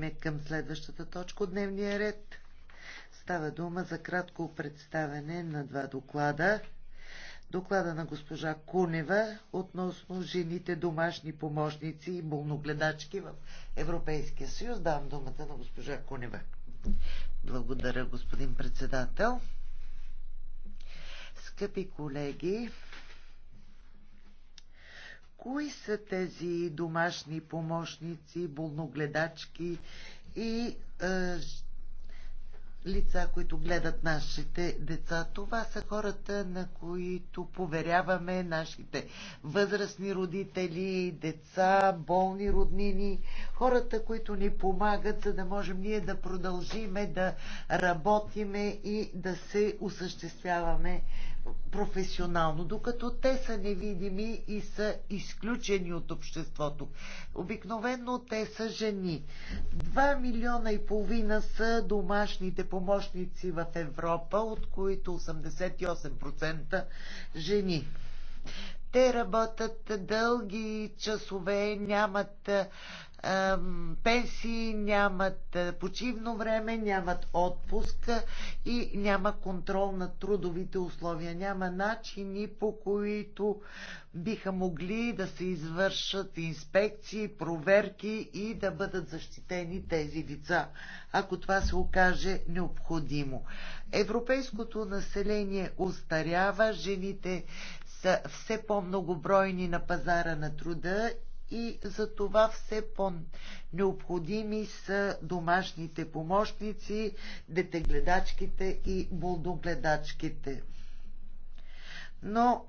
преминаваме към следващата точка от дневния ред. Става дума за кратко представяне на два доклада. Доклада на госпожа Кунева относно жените домашни помощници и болногледачки в Европейския съюз. Давам думата на госпожа Кунева. Благодаря, господин председател. Скъпи колеги, Кои са тези домашни помощници, болногледачки и е, лица, които гледат нашите деца. Това са хората, на които поверяваме нашите възрастни родители, деца, болни роднини, хората, които ни помагат, за да можем ние да продължиме да работиме и да се осъществяваме професионално, докато те са невидими и са изключени от обществото. Обикновено те са жени. Два милиона и половина са домашните помощници в Европа, от които 88% жени. Те работят дълги часове, нямат пенсии, нямат почивно време, нямат отпуск и няма контрол на трудовите условия. Няма начини по които биха могли да се извършат инспекции, проверки и да бъдат защитени тези лица, ако това се окаже необходимо. Европейското население устарява, жените са все по-многобройни на пазара на труда и за това все по-необходими са домашните помощници, детегледачките и булдогледачките. Но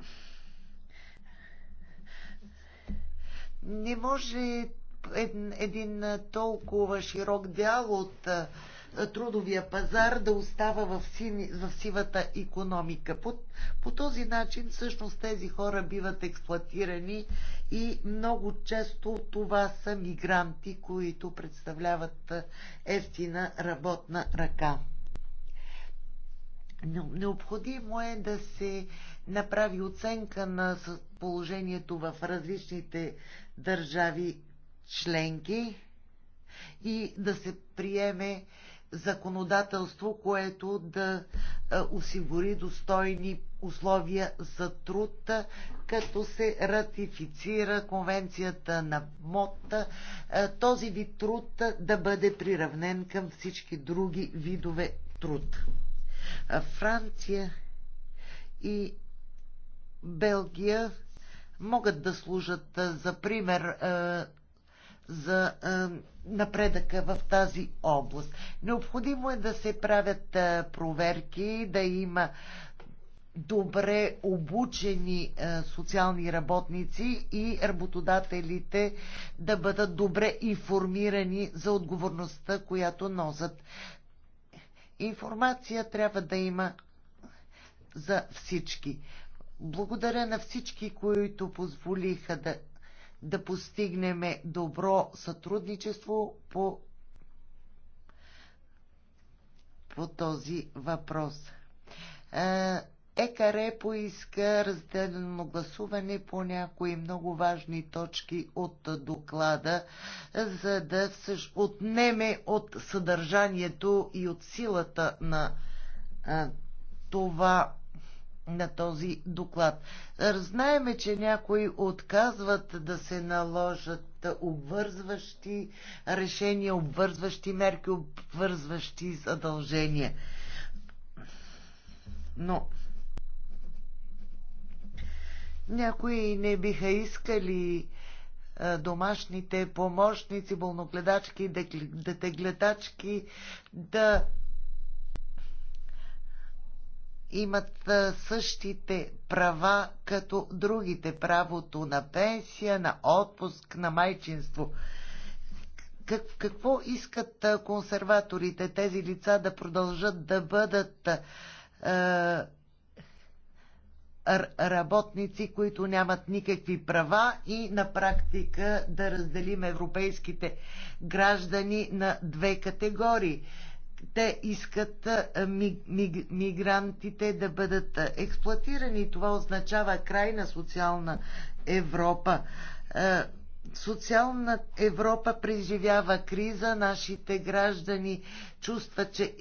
не може един, един толкова широк дял от е, трудовия пазар да остава в, сини, в сивата економика. По, по този начин всъщност тези хора биват експлуатирани и много често това са мигранти, които представляват е, ефтина работна ръка. Необходимо е да се направи оценка на положението в различните държави членки и да се приеме законодателство, което да осигури достойни условия за труд, като се ратифицира конвенцията на МОТ, този вид труд да бъде приравнен към всички други видове труд. Франция и Белгия могат да служат за пример за е, напредъка в тази област. Необходимо е да се правят е, проверки, да има добре обучени е, социални работници и работодателите да бъдат добре информирани за отговорността, която носят. Информация трябва да има за всички. Благодаря на всички, които позволиха да да постигнем добро сътрудничество по, по този въпрос. Е, ЕКАРЕ поиска разделено гласуване по някои много важни точки от доклада, за да отнеме от съдържанието и от силата на е, това на този доклад. Знаеме, че някои отказват да се наложат обвързващи решения, обвързващи мерки, обвързващи задължения. Но някои не биха искали домашните помощници, болногледачки детегледачки да имат същите права като другите. Правото на пенсия, на отпуск, на майчинство. Как, какво искат консерваторите тези лица да продължат да бъдат е, работници, които нямат никакви права и на практика да разделим европейските граждани на две категории те искат мигрантите да бъдат експлуатирани. Това означава край на социална Европа. Социална Европа преживява криза, нашите граждани чувстват, че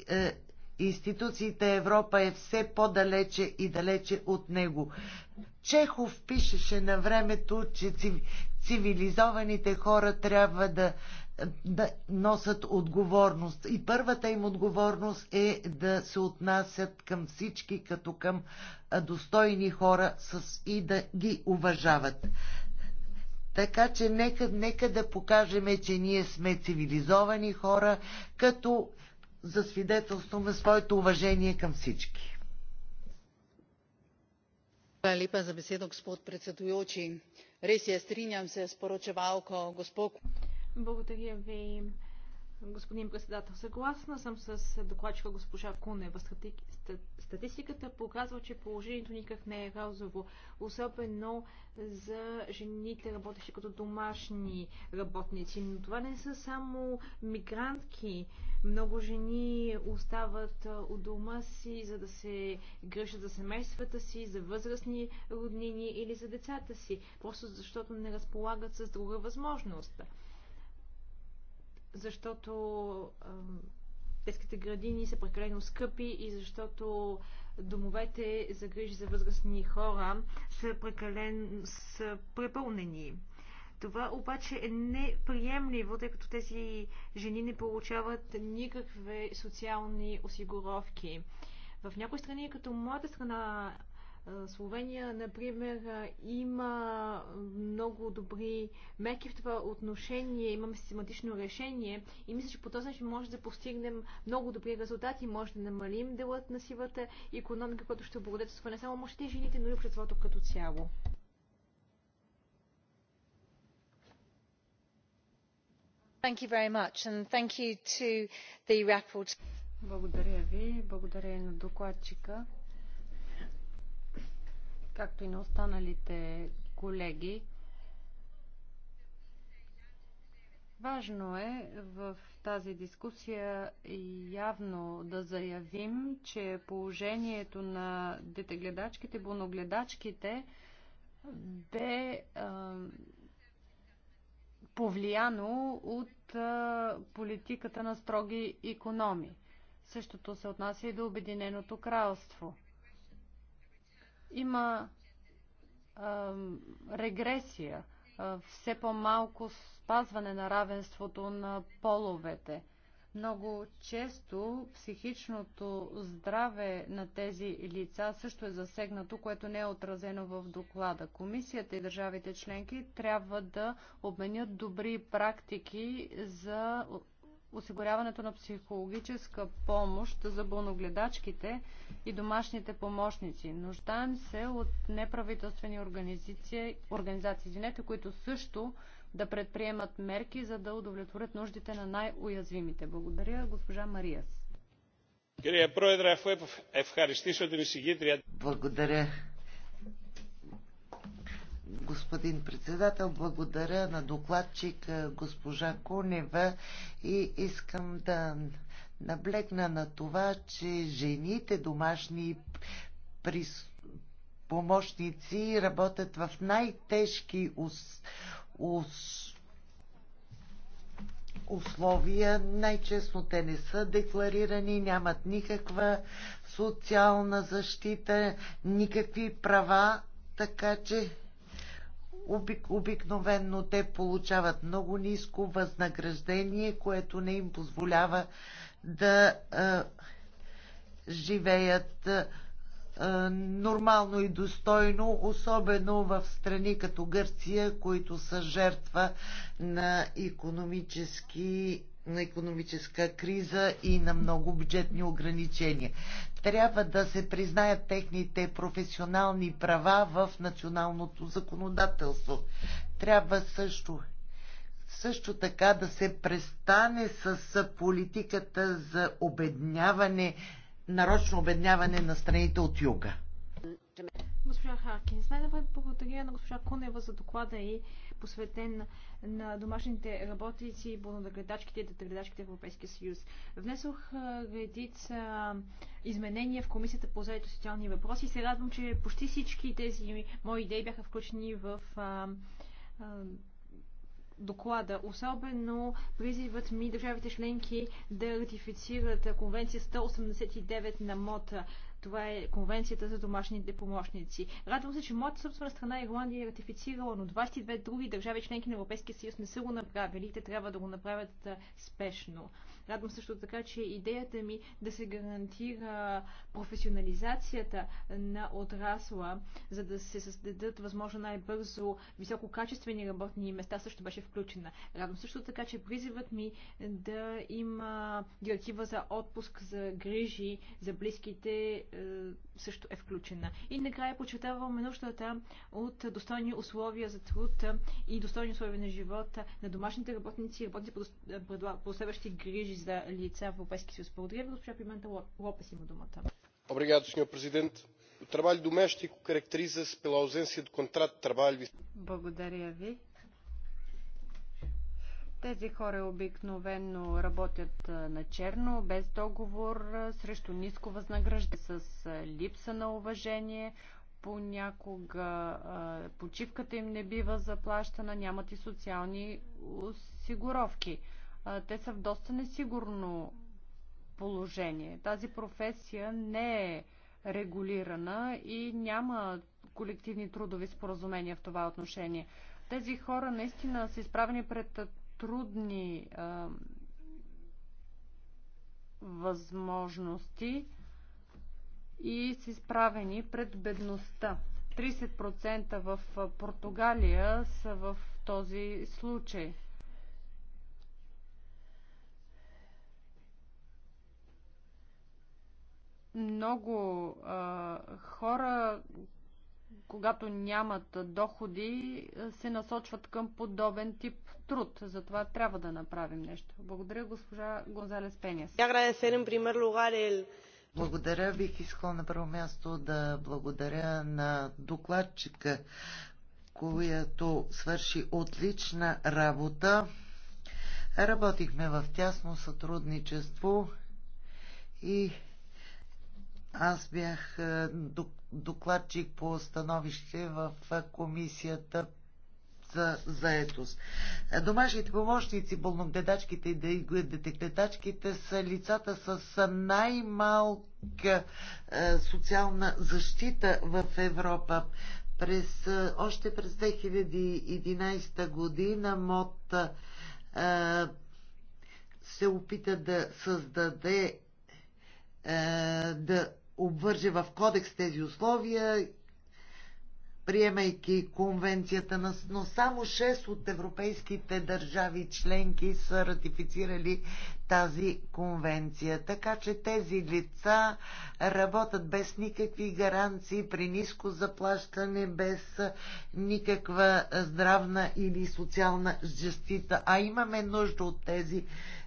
институциите Европа е все по-далече и далече от него. Чехов пишеше на времето, че цивилизованите хора трябва да да носят отговорност. И първата им отговорност е да се отнасят към всички като към достойни хора с, и да ги уважават. Така че нека, нека да покажем, че ние сме цивилизовани хора, като засвидетелстваме своето уважение към всички. Hvala lepa za besedo, gospod predsedujoči. Res je, strinjam se s poročevalko, gospod. Благодаря ви, господин председател. Съгласна съм с докладчика госпожа Кунева. Статистиката показва, че положението никак не е розово, особено за жените, работещи като домашни работници. Но това не са само мигрантки. Много жени остават у дома си, за да се грижат за семействата си, за възрастни роднини или за децата си, просто защото не разполагат с друга възможност защото детските градини са прекалено скъпи и защото домовете за грижи за възрастни хора са прекалено са препълнени. Това обаче е неприемливо, тъй като тези жени не получават никакви социални осигуровки. В някои страни, като моята страна Словения, например, има много добри мерки в това отношение, имаме систематично решение и мисля, че по този начин може да постигнем много добри резултати, може да намалим делът на сивата економика, която ще облагодетелства не само мъжете и жените, но и обществото като цяло. Thank you very much and thank you to the Благодаря ви, благодаря и на докладчика както и на останалите колеги. Важно е в тази дискусия явно да заявим, че положението на детегледачките, буногледачките бе а, повлияно от а, политиката на строги економи. Същото се отнася и до Обединеното кралство – има а, регресия, а, все по-малко спазване на равенството на половете. Много често психичното здраве на тези лица също е засегнато, което не е отразено в доклада. Комисията и държавите членки трябва да обменят добри практики за осигуряването на психологическа помощ за болногледачките и домашните помощници. Нуждаем се от неправителствени организации, организации извинете, които също да предприемат мерки, за да удовлетворят нуждите на най-уязвимите. Благодаря, госпожа Мариас. Благодаря, господин председател. Благодаря на докладчик госпожа Кунева и искам да наблегна на това, че жените домашни прис... помощници работят в най-тежки ус... ус... условия. Най-честно те не са декларирани, нямат никаква социална защита, никакви права, така че Обик, обикновенно те получават много ниско възнаграждение, което не им позволява да а, живеят а, нормално и достойно, особено в страни като Гърция, които са жертва на економически на економическа криза и на много бюджетни ограничения. Трябва да се признаят техните професионални права в националното законодателство. Трябва също също така да се престане с политиката за обедняване, нарочно обедняване на страните от юга. Госпожа Харкин, най-добре благодаря на госпожа Кунева за доклада и посветен на домашните работници, болнонагледачките и детегледачките в Европейския съюз. Внесох редица изменения в Комисията по заедно социални въпроси и се радвам, че почти всички тези мои идеи бяха включени в а, а, доклада, особено призивът ми държавите членки да ратифицират конвенция 189 на МОТА това е конвенцията за домашните помощници. Радвам се, че моята собствена страна Ирландия е ратифицирала, но 22 други държави, членки на Европейския съюз, не са го направили. Те трябва да го направят спешно. Радвам също така, че идеята ми да се гарантира професионализацията на отрасла, за да се създадат възможно най-бързо висококачествени работни места, също беше включена. Радвам също така, че призивът ми да има директива за отпуск за грижи за близките е, също е включена. И накрая почетаваме нуждата от достойни условия за труд и достойни условия на живота на домашните работници работници по е, следващи грижи за лица в Европейски съюз. Благодаря ви, госпожа Пимента Лопес има думата. Obrigado, Sr. президент. O trabalho doméstico caracteriza-se pela ausência de contrato de Благодаря ви. Тези хора обикновено работят на черно, без договор, срещу ниско възнаграждение, с липса на уважение, понякога почивката им не бива заплащана, нямат и социални осигуровки. Те са в доста несигурно положение. Тази професия не е регулирана и няма колективни трудови споразумения в това отношение. Тези хора наистина са изправени пред трудни а, възможности и са изправени пред бедността. 30% в Португалия са в този случай. Много а, хора, когато нямат доходи, се насочват към подобен тип труд. Затова трябва да направим нещо. Благодаря, госпожа Гонзалес Пениас. Е благодаря. Бих искал на първо място да благодаря на докладчика, която свърши отлична работа. Работихме в тясно сътрудничество и аз бях е, докладчик по становище в е, комисията за заетост. Домашните помощници, болногледачките и детеклетачките са лицата с най-малка е, социална защита в Европа. През, още през 2011 година МОД се опита да създаде да обвърже в кодекс тези условия, приемайки конвенцията, на но само 6 от европейските държави членки са ратифицирали тази конвенция. Така че тези лица работят без никакви гаранции, при ниско заплащане, без никаква здравна или социална защита. А имаме нужда от тези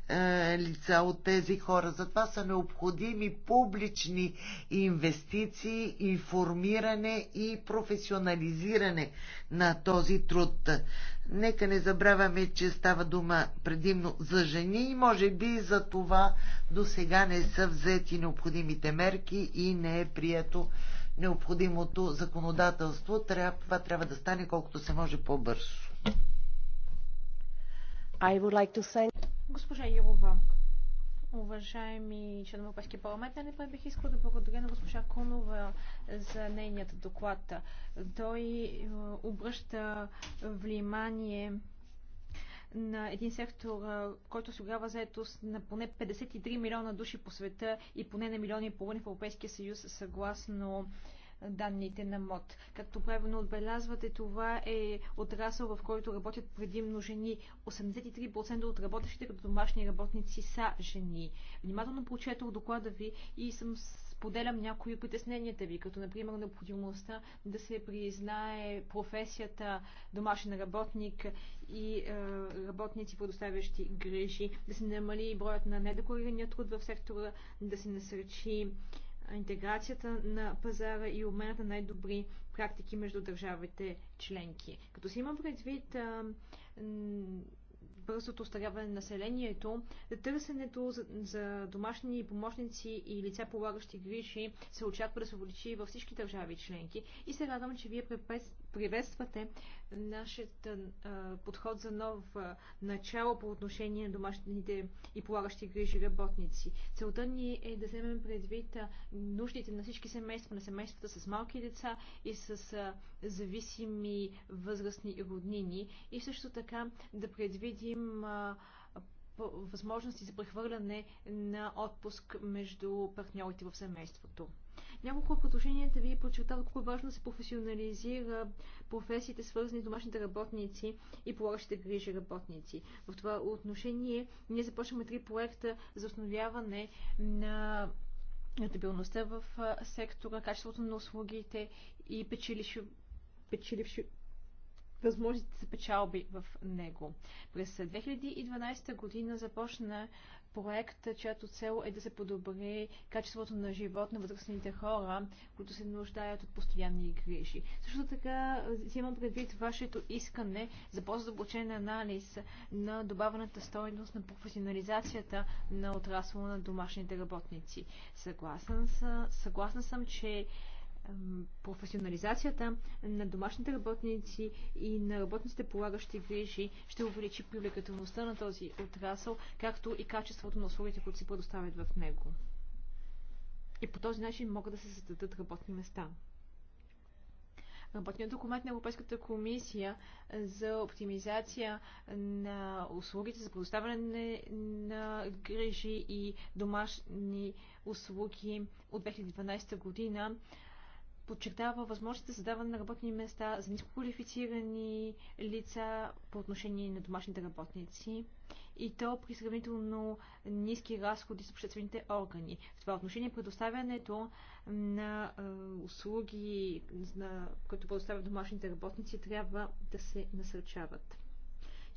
е, лица от тези хора. Затова са необходими публични инвестиции, информиране и професионализиране на този труд. Нека не забравяме, че става дума предимно за жени и може би за това до сега не са взети необходимите мерки и не е прието необходимото законодателство. Това трябва да стане колкото се може по-бързо. I would like to thank Госпожа Юрова, уважаеми членове Европейския парламент, не пай бих искал да благодаря на госпожа Кунова за нейният доклад. Той е, обръща внимание на един сектор, е, който осигурява заетост на поне 53 милиона души по света и поне на милиони и половина в Европейския съюз, съгласно данните на МОД. Както правилно отбелязвате, това е отрасъл, в който работят предимно жени. 83% от работещите като домашни работници са жени. Внимателно прочетох доклада ви и съм споделям някои притесненията ви, като например необходимостта да се признае професията домашен работник и е, работници, предоставящи грижи, да се намали броят на недекорирания труд в сектора, да се насърчи интеграцията на пазара и обмена на най-добри практики между държавите членки. Като си има предвид бързото остаряване на населението, търсенето за, домашни помощници и лица полагащи грижи се очаква да се увеличи във всички държави членки. И се радвам, че вие приветствате нашият подход за нов начало по отношение на домашните и полагащи грижи работници. Целта ни е да вземем предвид нуждите на всички семейства, на семействата с малки деца и с зависими възрастни роднини и също така да предвидим предвидим възможности за прехвърляне на отпуск между партньорите в семейството. Няколко от предложенията ви подчертава колко е важно да се професионализира професиите, свързани с домашните работници и полагащите грижи работници. В това отношение ние започваме три проекта за установяване на стабилността в сектора, качеството на услугите и печеливши, печеливши, възможности за печалби в него. През 2012 година започна проект, чиято цел е да се подобри качеството на живот на възрастните хора, които се нуждаят от постоянни грижи. Също така взимам предвид вашето искане за по-задълбочен анализ на добавената стойност на професионализацията на отрасъла на домашните работници. Съгласна съгласна съм че професионализацията на домашните работници и на работниците полагащи грижи ще увеличи привлекателността на този отрасъл, както и качеството на услугите, които се предоставят в него. И по този начин могат да се създадат работни места. Работният документ на Европейската комисия за оптимизация на услугите за предоставяне на грижи и домашни услуги от 2012 година подчертава възможността за даване на работни места за нискоквалифицирани лица по отношение на домашните работници и то при сравнително ниски разходи с обществените органи. В това отношение предоставянето на е, услуги, на, които предоставят домашните работници, трябва да се насърчават.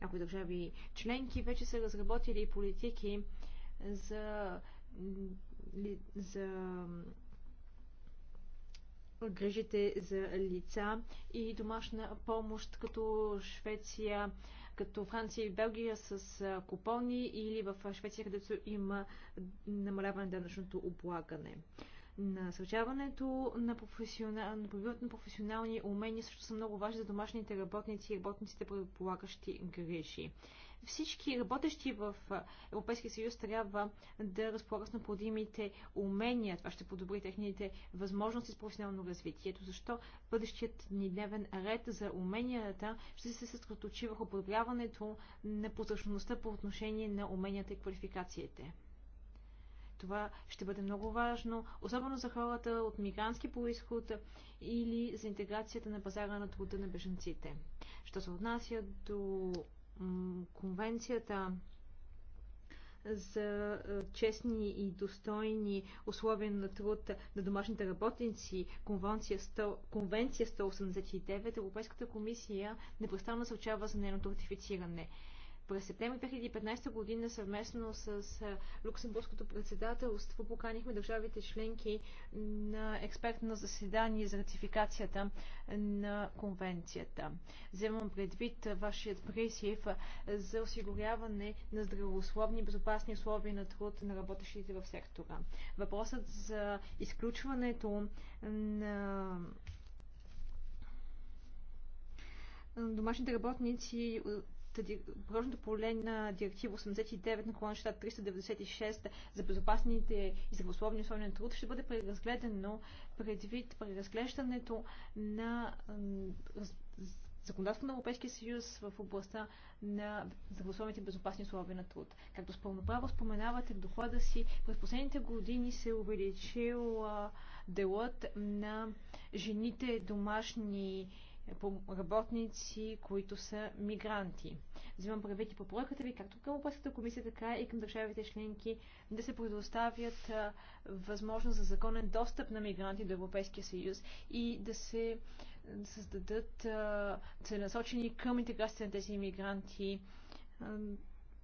Някои държави членки вече са разработили политики за, за грижите за лица и домашна помощ, като Швеция, като Франция и Белгия с купони или в Швеция, където има намаляване на данъчното облагане. Насърчаването на, професионал... на професионални умения също са много важни за домашните работници и работниците, предполагащи грижи всички работещи в Европейския съюз трябва да разполагат с необходимите умения. Това ще подобри техните възможности с професионално развитие. Ето защо бъдещият ни дневен ред за уменията ще се съсредоточи върху подобряването на прозрачността по отношение на уменията и квалификациите. Това ще бъде много важно, особено за хората от мигрантски происход или за интеграцията на пазара на труда на беженците. Що се отнася до конвенцията за честни и достойни условия на труд на домашните работници, конвенция, 100, конвенция 189, Европейската комисия непрестанно очава за нейното ратифициране. През септември 2015 година съвместно с Люксембургското председателство поканихме държавите членки на експертно заседание за ратификацията на конвенцията. Вземам предвид вашият призив за осигуряване на здравословни и безопасни условия на труд на работещите в сектора. Въпросът за изключването на домашните работници приложното поле на директива 89 на клонщата 396 за безопасните и здравословни условия на труд ще бъде преразгледано предвид преразглеждането на законодателство на Европейския съюз в областта на здравословните и безопасни условия на труд. Както с пълноправо споменавате в доклада си, през последните години се е увеличил делът на жените домашни работници, които са мигранти. Взимам предвид и препоръката ви, както към Европейската комисия, така и към държавите членки, да се предоставят възможност за законен достъп на мигранти до Европейския съюз и да се създадат целенасочени към интеграцията на тези мигранти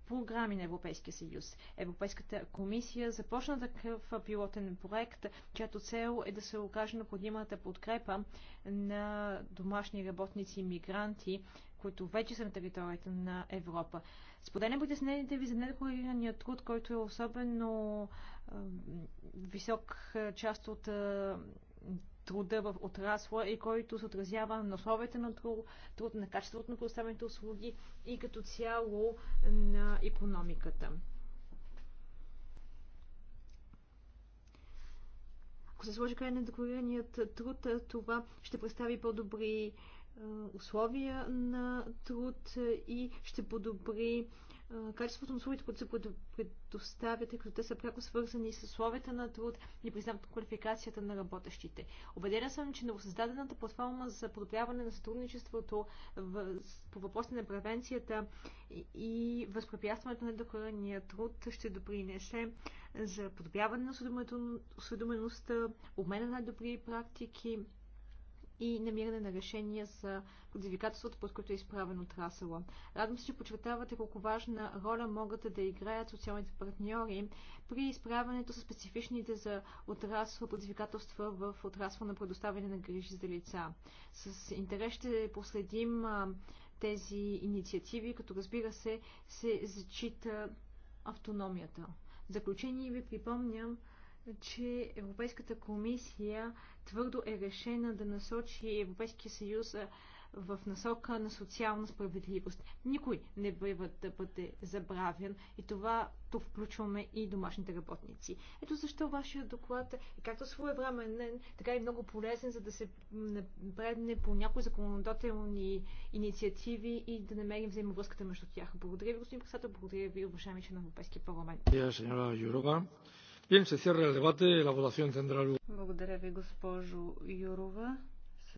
програми на Европейския съюз. Европейската комисия започна такъв пилотен проект, чиято цел е да се окаже необходимата подкрепа на домашни работници и мигранти, които вече са на територията на Европа. Споделям притесненията ви за недекларирания труд, който е особено висок част от труда в отрасла и който се отразява на условията на труд, на качеството на предоставените услуги и като цяло на економиката. Ако се сложи край на декларираният труд, това ще представи по-добри е, условия на труд и ще подобри качеството на услугите, които се предоставят, тъй като те са пряко свързани с условията на труд и признават квалификацията на работещите. Обедена съм, че новосъздадената платформа за подобряване на сътрудничеството в, по въпроси на превенцията и, възпрепятстването на докорения труд ще допринесе за подобряване на осведомеността, обмена на добри практики, и намиране на решения за предизвикателствата, под които е изправен отрасъла. Радвам се, че подчертавате колко важна роля могат да играят социалните партньори при изправянето с специфичните за отрасъл предизвикателства в отрасъл на предоставяне на грижи за лица. С интерес ще последим тези инициативи, като разбира се, се зачита автономията. В заключение ви припомням, че Европейската комисия твърдо е решена да насочи Европейския съюз в насока на социална справедливост. Никой не бива да бъде забравен и това то включваме и домашните работници. Ето защо вашия доклад е както своевременен, така и много полезен, за да се напредне по някои законодателни инициативи и да намерим взаимовръзката между тях. Благодаря ви, господин председател, благодаря ви, уважаеми член на Европейския парламент. Bien, se cierra el debate. La votación tendrá lugar. Благодаря ви, госпожо Юрова.